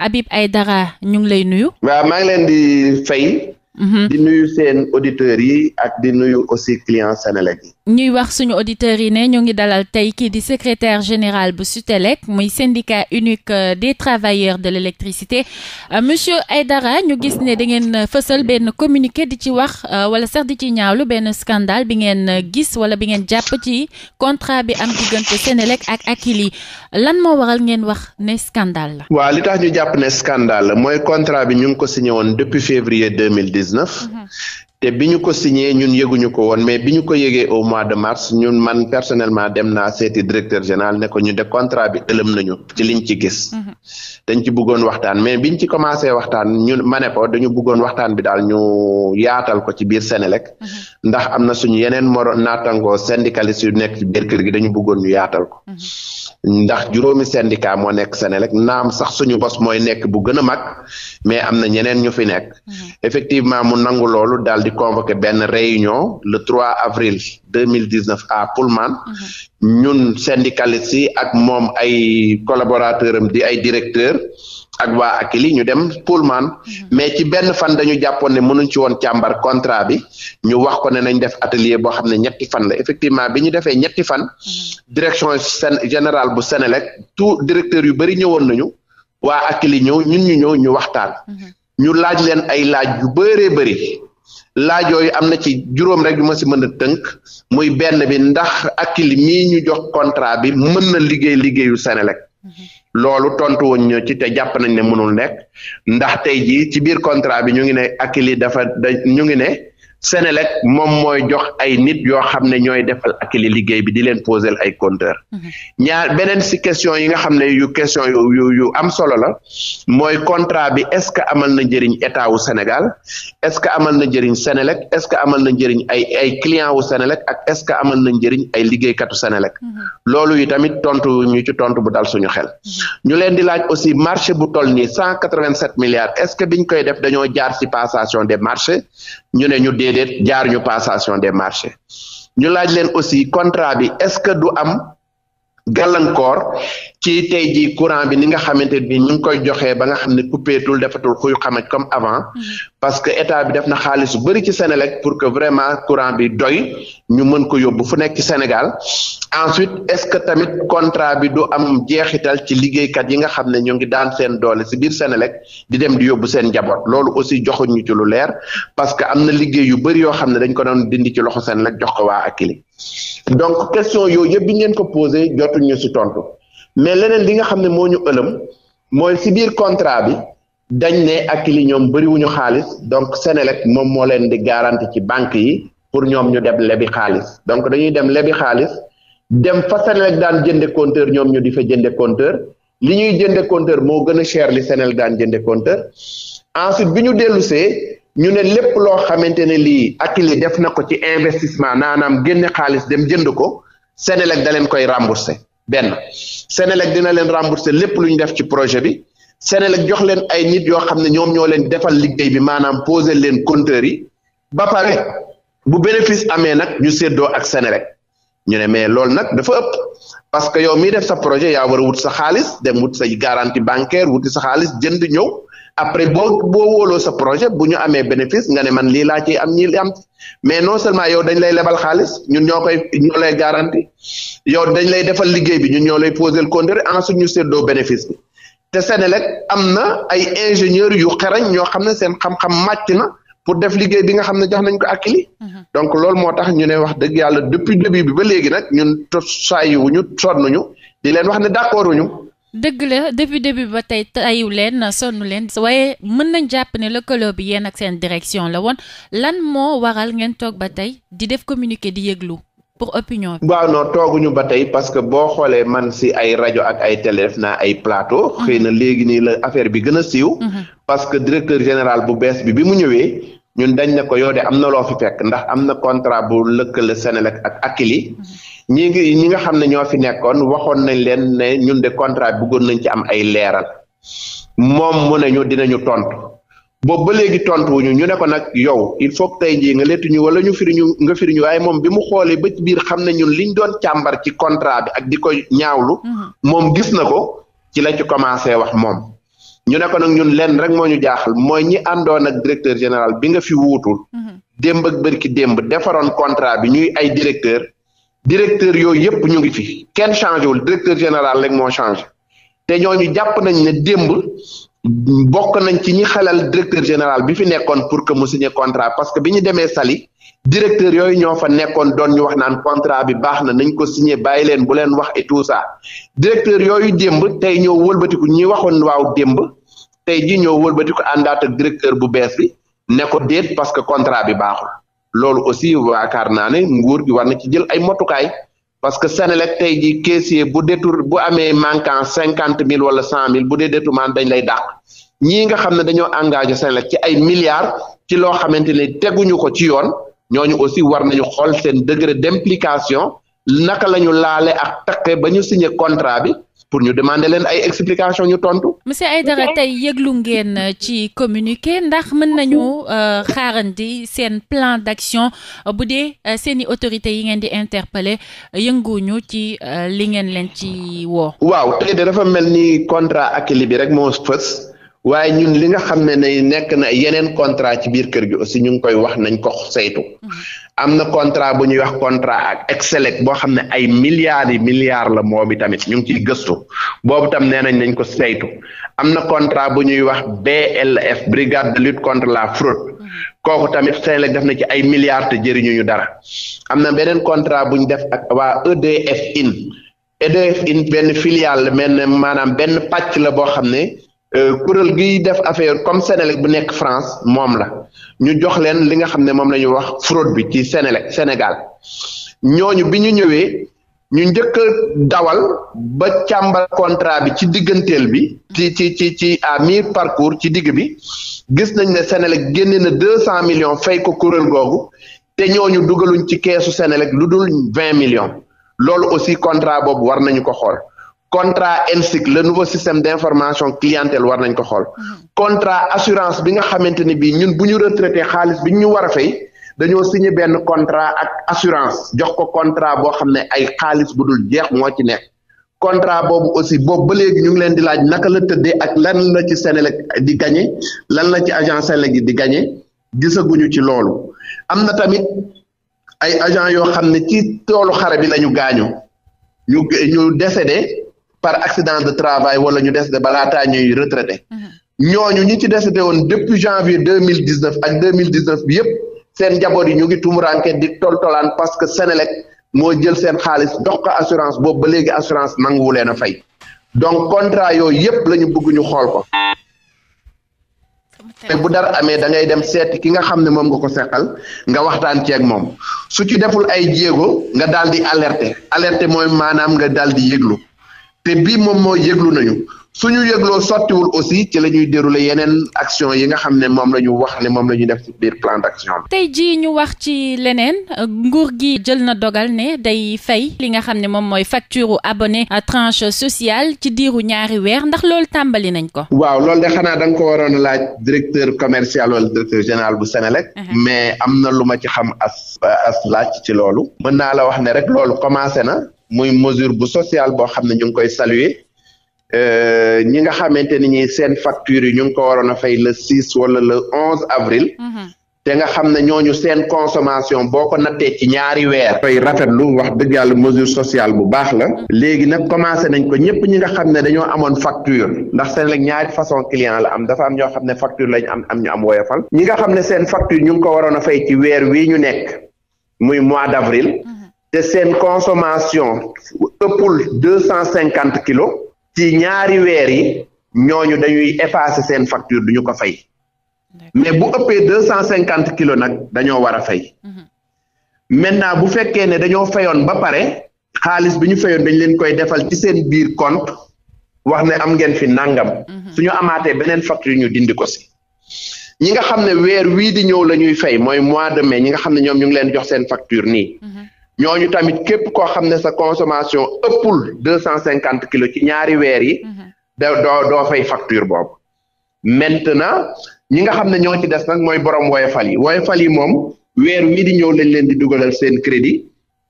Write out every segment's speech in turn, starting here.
Habib Aidara ñu ngi lay nuyu. wa maa ngi leen di fay. Mhm. di nuyu seen auditeurs yi ak di nuyu aussi clients Senelec yi. ñuy wax suñu auditeurs yi ne ñu ngi dalal tey kii di secrétaire général bu Sutelec muy syndicat unique euh, des travailleurs de l'électricité euh, monsieur ay dara ñu gis ne da ngeen fësal benn communiqué di ci wax euh, wala sax di ci ñaawlu benn scandale bi ngeen gis wala bi ngeen jàpp ci contrat bi am diggante Senelec ak Akilee lan moo waral ngeen wax ne scandale la. waaw li tax ñu jàpp ne scandale mooy contrat bi ñu ngi ko signé woon depuis février deux mille dix-neuf mhm. te bi ko signé ñun yëguñu ko woon mais bi ñu ko yegee au mois de mars ñun man personnellement dem naa seeti directeur général ne ko ñu de contrat bi ëlëm nañu ci liñ ci gis. Mhm. dañ ci bëggoon waxtaan mais biñ ci commencé waxtaan ñun ma ne dañu bëggoon waxtaan bi daal ñu yaatal ko ci biir Sénélec. Mhm. ndax am na suñu yeneen moro naatangoo syndicaliste yu nekk ci gi dañu bëggoon ñu yaatal ko. Mhm. ndax juróomi syndicat moo nekk Sénélec naam sax suñu bos mooy nekk bu gën a mag mais am na ñeneen ñu fi nekk. effectivement mu di convoqué benn réunion le mille avril 2019 à Pullman mhm. ñun syndicalistes si ak moom ay collaborateur am di ay directeurs ak waa Akili ñu dem Pullman mhm. mais ci benn fan dañu jàppoon ne mënuñ ci woon càmbar contrat bi ñu wax ko ne nañ def atelier boo xam ne ñetti fan la effectivement bi ñu defee ñetti fan mhm. direction générale bu Sénélec tout directeur yu bëri ñëwoon nañu waa Akili ñëw ñun ñu ñëw ñu waxtaan ñu laaj leen ay laaj yu bëree bëri laaj yooyu am na ci juróom rek yu ma si mën a tënk muy benn bi ndax Akilee mii ñu jox contrat bi mën na liggéey liggéeyu Senelec mhm. loolu tontu woon ñu ci te jàpp nañ ne mënul nekk ndax tey jii ci biir contrat bi ñu ngi ne Akilee dafa da ñu ngi ne Senelec moom mooy jox ay nit yoo xam ne ñooy defal ak li liggéey bi di leen poser ay compteur mhm. ñaar beneen si question yi nga xam ne yu question yu yu am solo la mooy contrat bi est-ce que amal na njëriñ état wu Sénégal est-ce que amal na njëriñ Senelec est-ce que amal na njëriñ ay ay client wu Senelec ak est-ce que amal na njëriñ ay liggéeykatu Senelec mhm. loolu yi tamit tontu ñu ci tontu bu dal suñu xel mhm. ñu leen di laaj aussi marché bu toll nii cent quatre-vingt-sept milliards est-ce que biñ koy def dañoo jaar ci passation des marchés déedéet jaar ñu passation des marché ñu laaj leen aussi contrat bi est-ce que du am gàllankoor ci tey ji courant bi ni nga xamante bi ñu ngi koy joxee ba nga xam ne coupéetul defatul xuyu xamaj comme avant mm-hmm. parce que état bi def na xaalis bu bëri ci Sénélec pour que vraiment courant bi doy ñu mën ko yóbbu fu nekk ci Sénégal ensuite est-ce que tamit contrat bi du am jeexital ci liggéeykat yi nga xam ne ñoo ngi daan seen doole si biir Sénélec di dem di yóbbu seen njaboot loolu aussi joxuñ ñu ci lu leer parce que am na liggéey yu bëri yoo xam ne dañ ko doon dindi ci loxo Sénélec jox ko waa Akilee donc question yooyu yëpp bi ngeen ko posé jotuñu si tontu mais leneen li nga xam ne moo ñu ëlëm mooy si biir contrat bi dañ ne ak li ñoom bëriwuñu xaalis donc Senelec moom moo leen di garanti ci banque yi pour ñoom ñu dem lebi xaalis donc dañuy dem lebi xaalis dem fa Senelec daan jënde compteur ñoom ñu di fa jënde compteur li ñuy jënde compteur moo gën a cher li Senelec daan jënde compteur ensuite bi ñu dellusee ñu ne lépp loo xamante ne lii Akilee def na ko ci investissement naanaam génne xaalis dem jënd ko Sénélec da leen koy remboursé benn Sénélec dina leen remboursé lépp lu ñu def ci projet bi Sénélec jox leen ay nit yoo xam ne ñoom ñoo leen defal liggéey bi maanaam posé leen compteur yi ba pare bu bénéfice amee nag ñu séddoo ak Sénélec ñu ne mais loolu nag dafa ëpp parce que yow mii def sa projet yaa war wut sa xaalis dem wut sa garantie bancaire wuti sa xaalis jënd ñëw après boo boo wóoloo sa projet bu ñu amee bénéfice nga ne man lii laa ciy am ñii li am mais non seulement yow dañ lay lebal xaalis ñun ñoo koy ñoo lay garanti yow dañ lay defal liggéey bi ñun ñoo lay posé le contrat ensuite ñu séddoo bénéfice bi te Senelec am na ay ingénieurs yu xerañ ñoo xam ne seen xam-xam màcc na pour def liggéey bi nga xam ne jax nañ ko akkili mhm. donc loolu moo tax ñu ne wax dëgg yàlla depuis début bi ba léegi nag ñun to saa yu ñu sonn ñu di leen wax ne d'accord wuñu dëgg la depuis début ba tey tayu leen sonn leen waaye mën nañ jàpp ne lëkkaloo bi yéen ak seen direction la woon lan moo waral ngeen toog ba tey di def communiqué di yëglu pour opinion bi. waaw non tooguñu ba tey parce que boo xoolee man si ay rajo ak ay télé def naa ay plateau. Mhm. xëy na léegi nii la affaire bi gën a siiw. Mhm. parce que directeur général bu bees bi bi mu ñëwee. ñun dañ ne ko yoo de am na loo fi fekk ndax am na contrat bu lëkkale Senelec ak Akili. Mhm. ñi ñi nga xam ne ñoo fi nekkoon waxoon nañ leen ne ñun de contrat buggoon nañ ci am ay leeral moom mu ne ñu dinañu tontu boobu ba léegi tontu wuñu ñu nekkoon ko nag yow il faut que tey jii nga lettu ñu wala ñu firi ñu nga firiñu waaye moom bi mu xoolee ba biir xam ne ñun liñ doon càmbar ci contrat bi ak di ko ñaawlu. Mhm. moom gis na ko ci la ci commencé wax moom. ñu ne ko nag ñun leen rek moo ñu jaaxal mooy ñi àndoon ak directeur général bi nga fi wuutul. Mhm. démb ak bërki démb defaroon contrat bi ñuy ay directeur directeur yooyu yëpp ñu ngi fi kenn changé wul directeur général rek moo changé te ñoo ñu jàpp nañ ne démb bokk nañ ci ñi xelal directeur général bi fi nekkoon pour que mu signé contrat parce que bi ñu demee sali directeur yooyu ñoo fa nekkoon doon ñu wax naan contrat bi baax na nañ ko signé bàyyi leen bu leen wax et tout ça directeur yooyu démb tey ñoo wëlbatiku ñi waxoon waaw démb tey ji ñoo wëlbatiku àndaat ak directeur bu bees bi nekko ko déet parce que contrat bi baaxul. loolu aussi yaakaar naa ne nguur gi war na ci jël ay motukaay parce que Senelec tey ji caissier bu détour bu amee manquant cinquante mille wala cent mille bu dee détournement dañ lay dàq ñii nga xam ne dañoo engagé Senelec ci ay milliards ci loo xamante ne teguñu ko ci yoon ñooñu aussi war nañu xool seen degré d'implication naka la ñu laale ak taqe ba ñu signé contrat bi pour ñu demander leen ay explication ñu tontu. ay dara tey yëglu ngeen euh, ci communiqué ndax mën nañu euh, xaarandi seen plan d'action euh, bu dee seeni autorités yi ngeen di interpeller yënguñu ci li ngeen leen ci woo. waaw tey de dafa mel ni contrat ak li bi rek moo fës. waaye ñun li nga xam ne ne nekk na yeneen contrat ci biir kër gi aussi ñu ngi koy wax nañ ko saytu mm-hmm. am na contrat bu ñuy wax contrat ak Excelec boo xam ne ay milliards yi milliards la moom tamit ñu ngi koy gëstu boobu tam nee nañ nañ ko saytu am na contrat bu ñuy wax BLF brigade de contre la fraude mm-hmm. kooku tamit Senelec def na ci ay milliards te ñu dara am na beneen contrat bu ñu def ak waa EDF in EDF in benn filiale la mel ne maanaam benn pàcc la boo xam ne Euh, kuréel giy def affaire comme Sénélec bu nekk France moom la ñu jox leen li nga xam ne moom la ñu wax fraude bi ci Sénélec Sénégal ñooñu bi ñu ñëwee ñu njëkk a dawal ba càmbal contrat bi ci digganteel bi ci ci ci ci à mi parcours ci digg bi gis nañ ne Sénélec génne na deux cent millions fay ko kuréel googu te ñooñu dugaluñ ci keesu Sénélec lu dul vingt millions loolu aussi contrat boobu war nañu ko xool contrat ENSIC le nouveau système d'information clientèle war nañ ko xool contrat assurance bi nga xamante ni bii ñun bu ñu retraité xaalis bi ñu war a fay dañoo signé benn contrat ak assurance jox ko contrat boo xam ne ay xaalis bu dul jeex moo ci nekk contrat boobu aussi boobu ba léegi ñu ngi leen di laaj naka la tëddee ak lan la ci Senelec di gagné lan la ci agent Senelec di gañe gisaguñu ci loolu am na tamit ay agent yoo xam ne ci toolu xare bi la ñu gaañu ñu par accident de travail wala ñu des de balaataa ñuy retraité uh-huh. ñooñu ñu ci desete woon depuis janvier deux mille dix neuf ak deux mille dix neuf bi yëpp seen njaboot yi ñu ngi tumuranke di toltolaan parce que Sénélec moo jël seen xaalis dox ko assurance boobu ba léegi assurance nanguwu leen fay donc contrat yooyu yëpp la ñu bëgg xool ko mais bu dara amee da ngay dem seeti ki nga xam ne moom nga ko seqal nga waxtaan ceeg moom su ci deful ay jéego nga daal di alerter alerter mooy maanaam nga daal di yëglu te bii moom mooy yëglu nañu suñu yëgloo sottiwul aussi ci la ñuy dérouler yeneen action yi nga xam ne moom la ñu wax ne moom la ñu def ci biir plan d'action tey jii ñu wax ci leneen nguur gi jël na dogal ne day fay li nga xam ne moom mooy facture abonné tranche sociale ci diiru ñaari weer ndax loolu tàmbali nañ ko. waaw loolu de xanaa da nga ko waroon laaj directeur commercial wala directeur général bu sene Sénélec. Uh-huh. mais am na lu ma ci xam as laaj ci loolu. mën muy mesure bu sociale boo xam ne ñu ngi koy saluer euh, ñi nga xamante ni ñi seen facture yi ñu ngi ko waroon a fay le six wala le onze avril mm-hmm. te nga xam ne ñooñu seen consommation boo ko nattee ci ñaari weer koy rafetlu wax dëgg yàlla mesure sociale bu baax la mm-hmm. léegi nag commencé nañ ko ñëpp ñi nga xam ne dañoo amoon facture ndax seen la ñaari façon client la am dafa am ñoo xam ne facture lañ am am ñu am woyofal ñi nga xam ne seen facture ñu ngi ko waroon a fay ci weer wii ñu nekk muy mois d'avril mm-hmm. te seen consommation ëppul deux cent cinquante kilos ci ñaari weer yi ñooñu dañuy effacer seen facture duñu ko fay mais bu ëppee deux cent cinquante kilos nag dañoo war a fay mhm. maintenant bu fekkee ne dañoo fayoon ba pare xaalis bi ñu fayoon dañ leen koy defal ci seen biir compte wax ne am ngeen fi nangam mhm. suñu amaatee beneen facture ñu dindi ko si ñi nga xam ne weer wii di ñëw la ñuy fay mooy mois de mai ñi nga xam ne ñoom ñu ngi leen jox seen facture nii mhm. ñooñu tamit képp koo xam ne sa consommation ëppul deux cent cinquante kilos ci ñaari weer yi mhm. da doo doo fay facture boobu maintenant ñi nga xam ne ñoo ci des nag mooy borom woyofal yi fal yi moom weer wii di ñëw lañ leen di dugalal seen crédit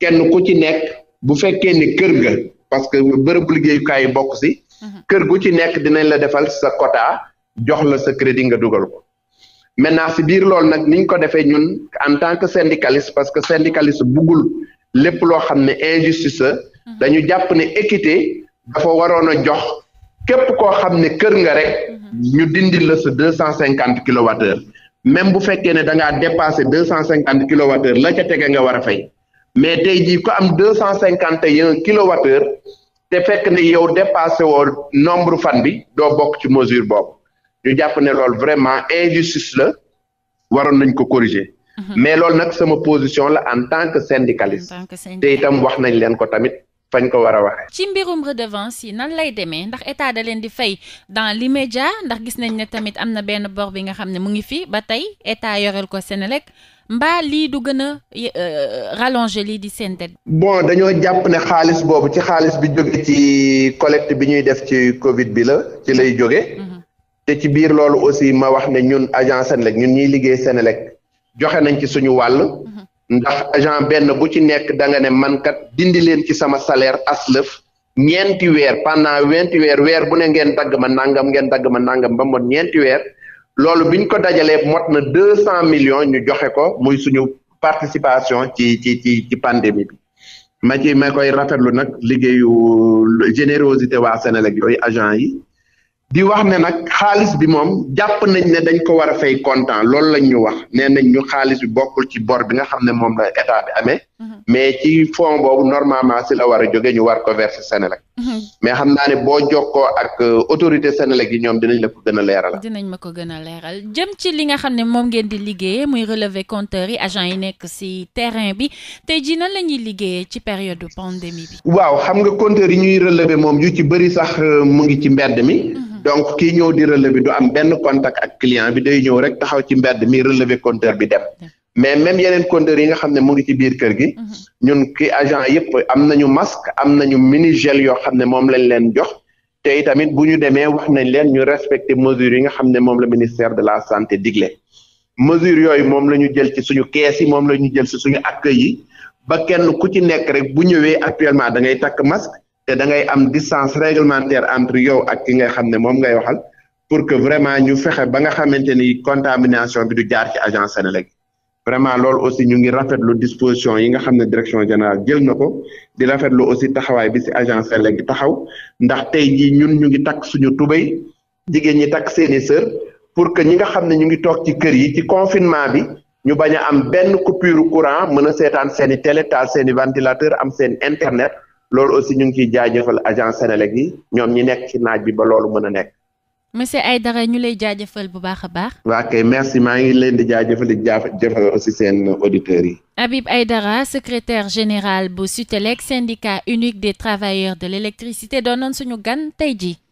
kenn ku ci nekk bu fekkee ni kër ga parce que bërëb liggéeyukaay yi bokk si mhm. kër gu ci nekk dinañ la defal sa quota jox la sa crédit nga dugal ko maintenant si biir loolu nag niñ ko defee ñun en tant que syndicaliste parce que syndicaliste buggul lépp loo xam ne injustice la mhm. dañu jàpp ne équité dafa waroon a jox képp koo xam ne kër nga rek mhm. ñu dindil la sa deux cent cinquante kilowattheure même bu fekkee ne da ngaa dépassé deux cent cinquante kilowattheure la ca tege nga war a fay mais tey jii ko am deux cent cinquante et un kilowattheure te fekk ne yow dépassé woo nombre fan bi doo bokk ci mesure boobu ñu jàpp ne loolu vraiment injustice la waroon nañ ko corriger Mhm. mais loolu nag sama position la en tant que syndicaliste. te itam wax nañ leen ko tamit fañ ko war a waxee. ci mbirum redevance yi nan lay demee ndax état da leen di fay dans l'immédiat ndax gis nañ ne tamit am na benn bor bi nga xam ne mu ngi fi ba tey état yoreel ko Senelec mbaa lii du gën a euh, rallonger lii di seen dette. bon dañoo jàpp ne xaalis boobu ci xaalis bi jóge ci collecte bi ñuy def ci Covid bi la ci lay jóge mhm. te ci biir loolu aussi ma wax ne ñun agence Senelec ñun ñuy liggéey Senelec joxe nañ ci suñu wàll. Mm-hmm. ndax agent benn bu ci nekk da nga ne man dindi leen ci sama salaire aslëf ñeenti weer pendant ñeenti weer weer bu ne ngeen dagg ma nangam ngeen dagg ma nangam ba mot ñeenti weer loolu biñ ko dajalee mot na deux cent millions ñu joxe ko muy suñu participation ci ci ci ci pandémie bi ma ci ma koy rafetlu nag liggéeyu générosité waa Sénégal yooyu agent yi. di wax ne nag xaalis bi moom jàpp nañ ne dañ ko war a fay comptant loolu lañ ñu wax nee nañ ñu xaalis bi bokkul ci bor bi nga xam ne moom la état bi amee Mm-hmm. mais ci fonds normalement ci la war a jóge ñu war ko verser mm-hmm. mais xam naa ne boo jokkoo ak euh, autorité Sénélec yi ñoom dinañ la ko gën a dinañ ma ko gën a leeral jëm ci li nga xam ne moom ngeen di liggéeyee muy relever compteur yi agent yi nekk si terrain bi tey jii nan la ñuy liggéeyee ci période de pandémie bi. waaw xam nga compteur yi ñuy relever moom yu ci bëri sax euh, mu ngi ci mbedd mi. Mm-hmm. donc kii ñëw di relever du am benn contact ak client bi day ñëw rek taxaw ci mbedd mi relever compteur bi dem. mais même yeneen conducteurs yi nga xam ne mu ngi ci biir kër gi. Mhm. ñun ki agent yëpp am nañu masque am nañu mini yoo xam ne moom lañ leen jox. te tamit bu ñu demee wax nañ leen ñu respecté mesures yi nga xam ne moom la ministère de la santé digle mesures yooyu moom la ñu jël ci suñu kees yi moom la ñu jël ci suñu accueil yi ba kenn ku ci nekk rek bu ñëwee actuellement da ngay takk masque te da ngay am distance réglementaire entre yow ak ki ngay xam ne moom ngay waxal pour que vraiment ñu fexe ba nga xamante ni contamination bi du jaar ci agent Senelec vraiment loolu aussi ñu ngi rafetlu disposition yi nga xam ne direction générale jël na ko di rafetlu aussi taxawaay bi si agence léegi taxaw ndax tey jii ñun ñu ngi takk suñu tubéy jigéen ñi takk seeni sër pour que ñi nga xam ne ñu ngi toog ci kër yi ci confinement bi ñu bañ a am benn coupure courant mën a seetaan seeni télé taal seeni ventilateur am seen internet loolu aussi ñu ngi ciy jaajëfal agence Senelec yi ñoom ñi nekk ci naaj bi ba loolu mën a nekk monsieur Aidara ñu lay jaajëfal bu baax a baax. waa kay merci maa ngi leen di jaajëfal di jaajëfal aussi seen auditeurs yi. Habib Aidara secrétaire général bu Sutelec syndicat unique des travailleurs de l' électricité doonoon suñu gan tey jii